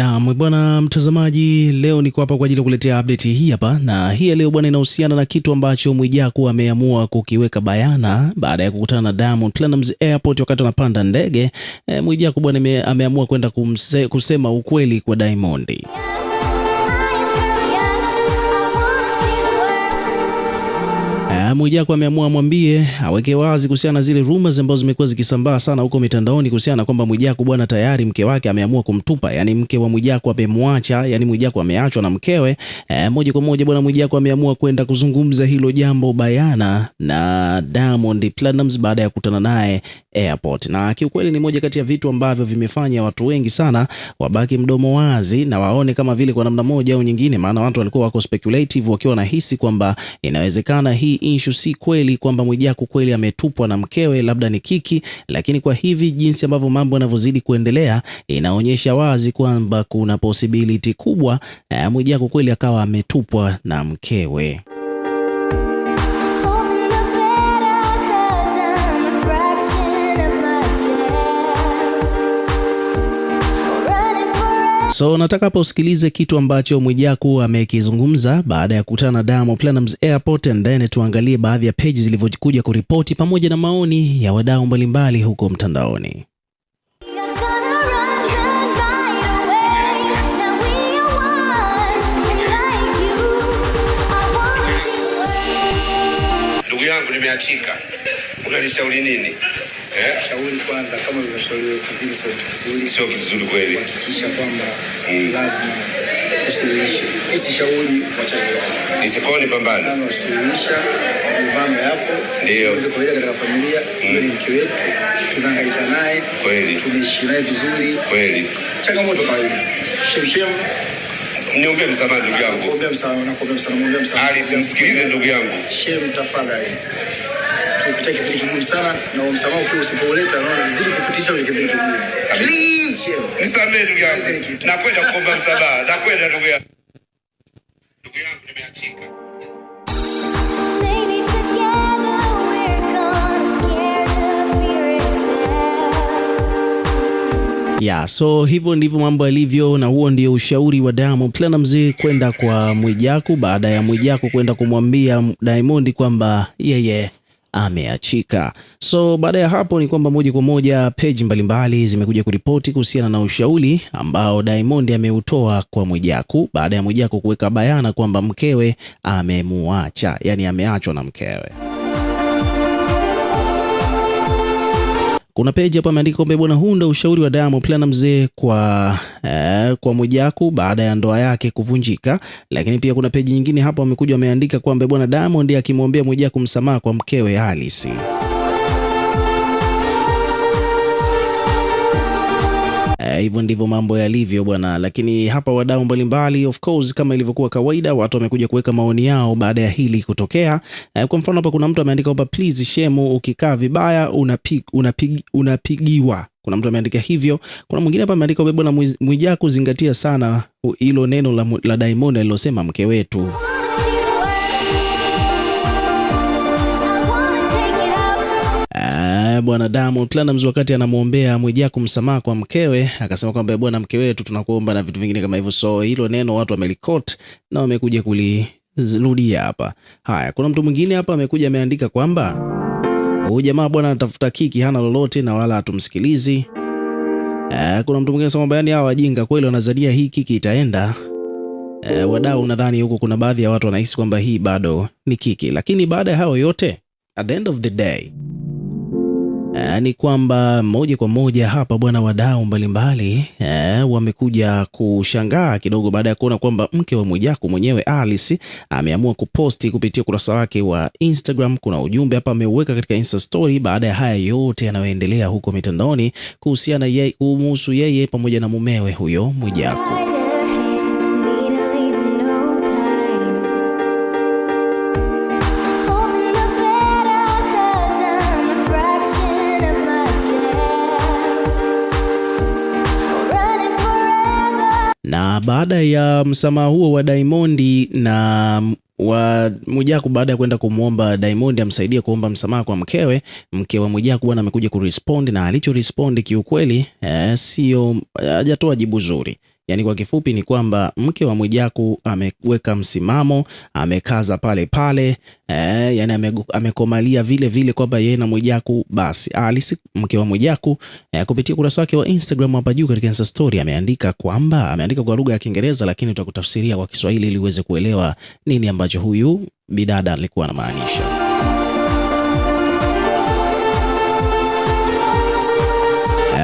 Naam bwana mtazamaji, leo niko hapa kwa ajili ya kuletea update hii hapa, na hii leo bwana inahusiana na kitu ambacho Mwijaku ameamua kukiweka bayana baada ya kukutana na Diamond Platnumz airport wakati anapanda ndege. E, eh, Mwijaku bwana ameamua kwenda kusema ukweli kwa Diamond. Eh, Mwijaku ameamua mwambie aweke wazi kuhusiana na zile rumors ambazo zimekuwa zikisambaa sana huko mitandaoni kuhusiana na kwamba Mwijaku bwana tayari mke wake ameamua kumtupa, yani mke wa Mwijaku amemwacha, yani Mwijaku ameachwa na mkewe. E, moja kwa moja bwana Mwijaku ameamua kwenda kuzungumza hilo jambo bayana na Diamond Platnumz baada ya kukutana naye airport, na kiukweli ni moja kati ya vitu ambavyo vimefanya watu wengi sana wabaki mdomo wazi na waone kama vile kwa namna moja au nyingine, maana watu walikuwa wako speculative wakiwa wanahisi kwamba inawezekana hii issue si kweli, kwamba Mwijaku kweli ametupwa na mkewe, labda ni kiki. Lakini kwa hivi jinsi ambavyo mambo yanavyozidi kuendelea, inaonyesha wazi kwamba kuna possibility kubwa eh, Mwijaku kweli akawa ametupwa na mkewe. So nataka hapa usikilize kitu ambacho Mwijaku amekizungumza baada ya kukutana na Diamond Platnumz airport, and then tuangalie baadhi ya peji zilivyokuja kuripoti pamoja na maoni ya wadau mbalimbali huko mtandaoni. Ndugu yangu, nimeachika, unanishauri nini? tunashauri kwanza, kama tunashauri kizuri sio kizuri, sio kizuri kweli, kuhakikisha kwamba mm. lazima usuluhishe, usishauri wachana, isipone pambana, usuluhisha mambo yapo, ndio kwa katika familia. Mm. Ni mke wetu, tunahangaika naye kweli, tumeishi naye vizuri kweli, changamoto kawaida, shemshem Niombe msamaha ndugu yangu, Ali, simsikilize ndugu yangu, shem, tafadhali ukitaka kitu kigumu sana na msamaha ukiwa kupitisha kigumu. Please, ndugu yangu. Nakwenda kuomba msamaha. Nakwenda ndugu yangu. Ndugu yangu nimeachika. Ya, so hivyo ndivyo mambo yalivyo, na huo ndio ushauri wa Diamond Platnumz kwenda kwa Mwijaku, baada ya Mwijaku kwenda kumwambia Diamond kwamba yeye yeah, yeah ameachika. So baada ya hapo ni kwamba moja kwa moja peji mbalimbali zimekuja kuripoti kuhusiana na ushauri ambao Diamond ameutoa kwa Mwijaku baada ya Mwijaku kuweka bayana kwamba mkewe amemuacha, yani ameachwa na mkewe. Kuna peji hapo ameandika kwamba bwana, huu ndio ushauri wa Diamond Platnumz kwa eh, kwa Mwijaku baada ya ndoa yake kuvunjika. Lakini pia kuna peji nyingine hapa wamekuja wameandika kwamba bwana, Diamond akimwombea Mwijaku msamaha kwa mkewe Alice. hivyo ndivyo mambo yalivyo bwana, lakini hapa wadau mbalimbali, of course, kama ilivyokuwa kawaida, watu wamekuja kuweka maoni yao baada ya hili kutokea. Eh, kwa mfano hapa kuna mtu ameandika hapa, please Shemu, ukikaa vibaya unapig, unapig, unapigiwa kuna mtu ameandika hivyo. Kuna mwingine hapa ameandika bwana, Mwijaku zingatia sana hilo neno la, la Diamond alilosema mke wetu. Eh, bwana Diamond Platnumz wakati anamwombea Mwijaku msamaha kwa mkewe, akasema kwamba eh, bwana, mke wetu tunakuomba na vitu vingine kama hivyo. So hilo neno watu wamelikot na wamekuja kulirudia hapa. Haya, kuna mtu mwingine hapa amekuja ameandika kwamba huyu jamaa bwana anatafuta kiki, hana lolote na wala hatumsikilizi. Eh, kuna mtu mwingine anasema yani hawa wajinga kweli wanazania hii kiki itaenda. E, Wadau, nadhani huko kuna baadhi ya watu wanahisi kwamba hii bado ni kiki, lakini baada ya hayo yote, at the end of the day Eh, ni kwamba moja kwa moja hapa bwana, wadau mbalimbali e, wamekuja kushangaa kidogo baada ya kuona kwamba mke wa Mwijaku mwenyewe Alice ameamua kuposti kupitia ukurasa wake wa Instagram. Kuna ujumbe hapa ameuweka katika Insta story, baada ya haya yote yanayoendelea huko mitandaoni kuhusiana yeye, kumhusu yeye pamoja na mumewe huyo Mwijaku. baada ya msamaha huo wa Diamond na wa Mwijaku baada ya kwenda kumwomba Diamond amsaidie kuomba msamaha kwa mkewe, mke wa Mwijaku bwana amekuja kurespond na alicho respond kiukweli, eh, sio hajatoa jibu zuri. Yaani kwa kifupi ni kwamba mke wa Mwijaku ameweka msimamo, amekaza pale pale eh, yani amekomalia vile vile kwamba yeye na Mwijaku basi. Alisi mke wa Mwijaku eh, kupitia ukurasa wake wa Instagram hapa juu katika Insta story ameandika kwamba ameandika kwa lugha ya Kiingereza, lakini tutakutafsiria kwa Kiswahili ili uweze kuelewa nini ambacho huyu bidada alikuwa anamaanisha.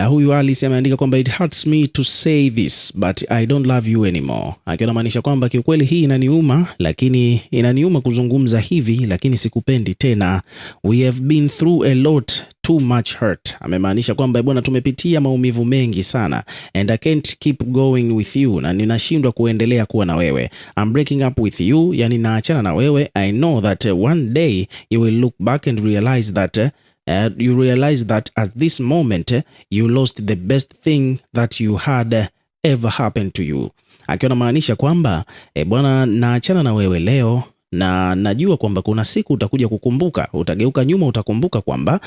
huyu Alice ameandika kwamba it hurts me to say this but I don't love you anymore, akiwa namaanisha kwamba kiukweli hii inaniuma, lakini inaniuma kuzungumza hivi, lakini sikupendi tena. We have been through a lot too much hurt. Amemaanisha kwamba bwana, tumepitia maumivu mengi sana and I can't keep going with you, na ninashindwa kuendelea kuwa na wewe. I'm breaking up with you, yani naachana na wewe. I know that one day you will look back and realize that eh, uh, you realize that at this moment eh, you lost the best thing that you had eh, ever happened to you, akiwa namaanisha kwamba e, bwana naachana na wewe leo na najua kwamba kuna siku utakuja kukumbuka, utageuka nyuma, utakumbuka kwamba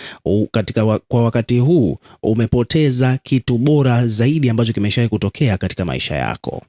katika wa, kwa wakati huu umepoteza kitu bora zaidi ambacho kimeshawahi kutokea katika maisha yako.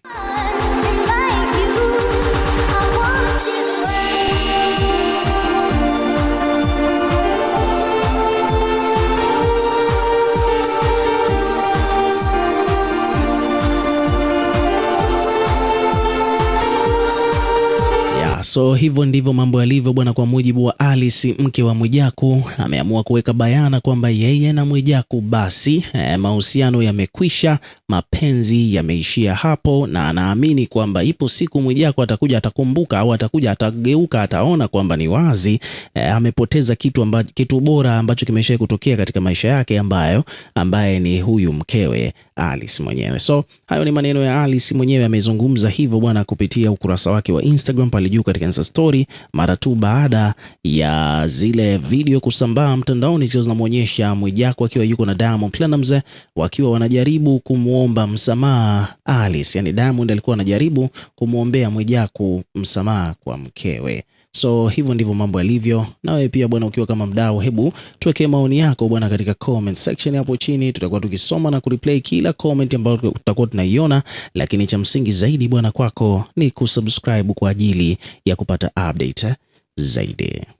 So hivyo ndivyo mambo yalivyo bwana. Kwa mujibu wa Alice, mke wa Mwijaku ameamua kuweka bayana kwamba yeye na Mwijaku basi eh, mahusiano yamekwisha, mapenzi yameishia hapo, na anaamini kwamba ipo siku Mwijaku atakuja atakumbuka, au atakuja atageuka, ataona kwamba ni wazi eh, amepoteza kitu, amba, kitu bora ambacho kimesha kutokea katika maisha yake ambayo ambaye ni huyu mkewe Alice mwenyewe. So hayo ni maneno ya Alice mwenyewe, amezungumza hivyo bwana kupitia ukurasa wake wa Instagram pale juu katika Insta Story mara tu baada ya zile video kusambaa mtandaoni zikiwa zinamwonyesha Mwijaku akiwa yuko na Diamond Platnumz wakiwa wanajaribu kumwomba msamaha Alice. Yani Diamond alikuwa anajaribu kumwombea Mwijaku msamaha kwa mkewe. So hivyo ndivyo mambo yalivyo. Na wewe pia bwana, ukiwa kama mdau, hebu tuwekee maoni yako bwana katika comment section hapo chini. Tutakuwa tukisoma na kureplay kila comment ambayo tutakuwa tunaiona, lakini cha msingi zaidi bwana kwako ni kusubscribe kwa ajili ya kupata update zaidi.